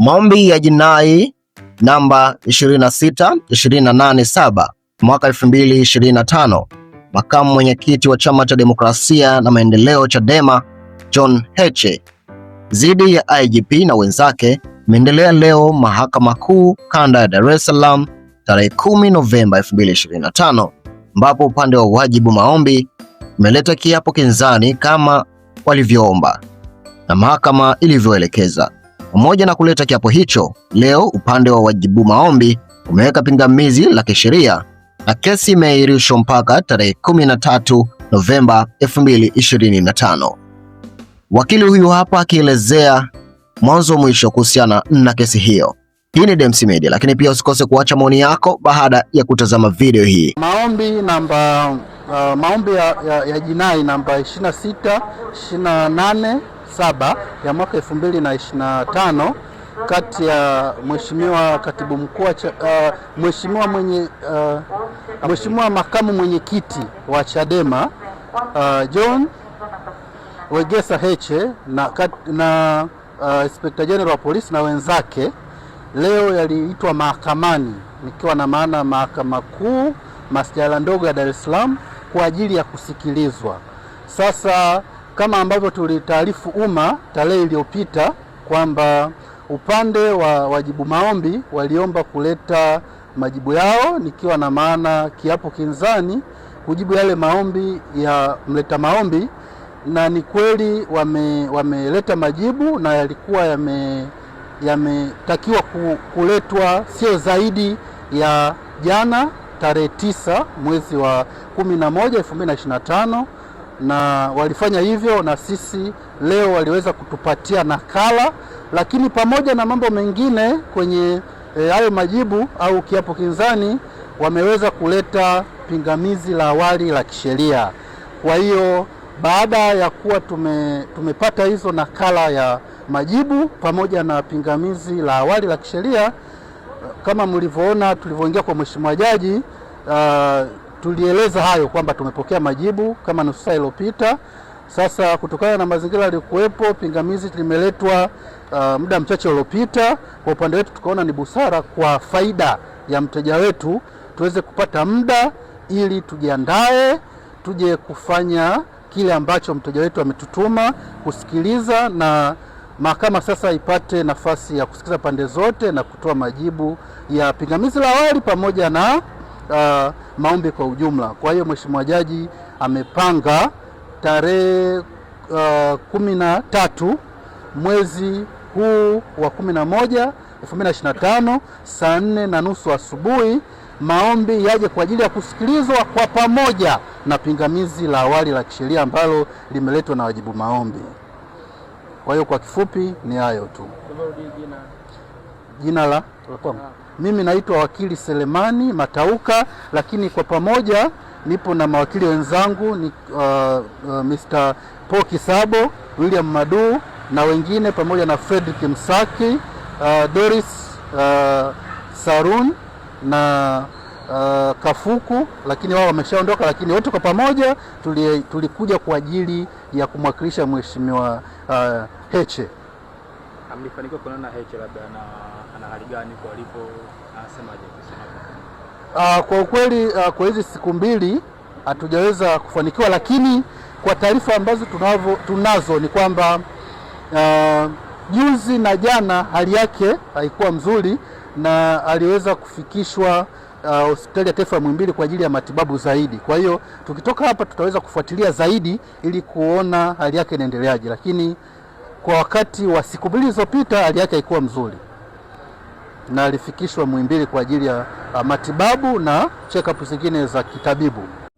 maombi ya jinai namba 26287 mwaka 2025, makamu mwenyekiti wa chama cha demokrasia na maendeleo Chadema John Heche dhidi ya IGP na wenzake imeendelea leo mahakama kuu kanda ya Dar es Salaam tarehe 10 Novemba 2025, ambapo upande wa wajibu maombi imeleta kiapo kinzani kama walivyoomba na mahakama ilivyoelekeza. Pamoja na kuleta kiapo hicho, leo upande wa wajibu maombi umeweka pingamizi la kisheria na kesi imeahirishwa mpaka tarehe 13 Novemba 2025. Wakili huyu hapa akielezea mwanzo mwisho kuhusiana na kesi hiyo. Hii ni Dems Media, lakini pia usikose kuacha maoni yako baada ya kutazama video hii. Maombi namba uh, maombi ya, ya, ya jinai namba 26 28 saba ya mwaka 2025 kati ya mheshimiwa katibu mkuu uh, mheshimiwa mwenye uh, mheshimiwa makamu mwenyekiti wa Chadema uh, John Wegesa Heche na, kat, na uh, Inspector General wa polisi na wenzake leo yaliitwa mahakamani, nikiwa na maana mahakama kuu masjala ndogo ya Dar es Salaam kwa ajili ya kusikilizwa sasa kama ambavyo tulitaarifu umma tarehe iliyopita kwamba upande wa wajibu maombi waliomba kuleta majibu yao, nikiwa na maana kiapo kinzani kujibu yale maombi ya mleta maombi, na ni kweli wame, wameleta majibu na yalikuwa yame yametakiwa kuletwa sio zaidi ya jana tarehe tisa mwezi wa 11 2025 na walifanya hivyo, na sisi leo waliweza kutupatia nakala, lakini pamoja na mambo mengine kwenye eh, hayo e, majibu au kiapo kinzani, wameweza kuleta pingamizi la awali la kisheria. Kwa hiyo baada ya kuwa tume, tumepata hizo nakala ya majibu pamoja na pingamizi la awali la kisheria, kama mlivyoona tulivyoingia kwa mheshimiwa jaji uh, tulieleza hayo kwamba tumepokea majibu kama nusu saa iliyopita. Sasa kutokana na mazingira yaliyokuwepo, pingamizi limeletwa uh, muda mchache uliopita. Kwa upande wetu tukaona ni busara kwa faida ya mteja wetu tuweze kupata muda ili tujiandae, tuje kufanya kile ambacho mteja wetu ametutuma kusikiliza, na mahakama sasa ipate nafasi ya kusikiliza pande zote na kutoa majibu ya pingamizi la awali pamoja na uh, maombi kwa ujumla. Kwa hiyo mheshimiwa jaji amepanga tarehe uh, kumi na tatu mwezi huu wa kumi na moja saa nne na nusu asubuhi maombi yaje kwa ajili ya kusikilizwa kwa pamoja na pingamizi la awali la kisheria ambalo limeletwa na wajibu maombi. Kwa hiyo kwa kifupi ni hayo tu jina la kwangu. Mimi naitwa wakili Selemani Matauka, lakini kwa pamoja nipo na mawakili wenzangu ni uh, uh, Mr. Paul Kisabo, William Madu na wengine pamoja na Fredrick Msaki, uh, Doris uh, Sarun na uh, Kafuku, lakini wao wameshaondoka, lakini wote kwa pamoja tulikuja kwa ajili ya kumwakilisha Mheshimiwa uh, Heche mlifanikiwa kuonana Heche, labda ana hali gani kwa alipo, anasemaje kusema? Ah, kwa ukweli uh, kwa hizi siku mbili hatujaweza kufanikiwa, lakini kwa taarifa ambazo tunavo, tunazo ni kwamba uh, juzi na jana hali yake haikuwa mzuri na aliweza kufikishwa hospitali uh, ya taifa ya Muhimbili kwa ajili ya matibabu zaidi. Kwa hiyo tukitoka hapa tutaweza kufuatilia zaidi ili kuona hali yake inaendeleaje, lakini kwa wakati wa siku mbili zilizopita hali yake haikuwa mzuri na alifikishwa Muhimbili kwa ajili ya uh, matibabu na check up zingine za kitabibu.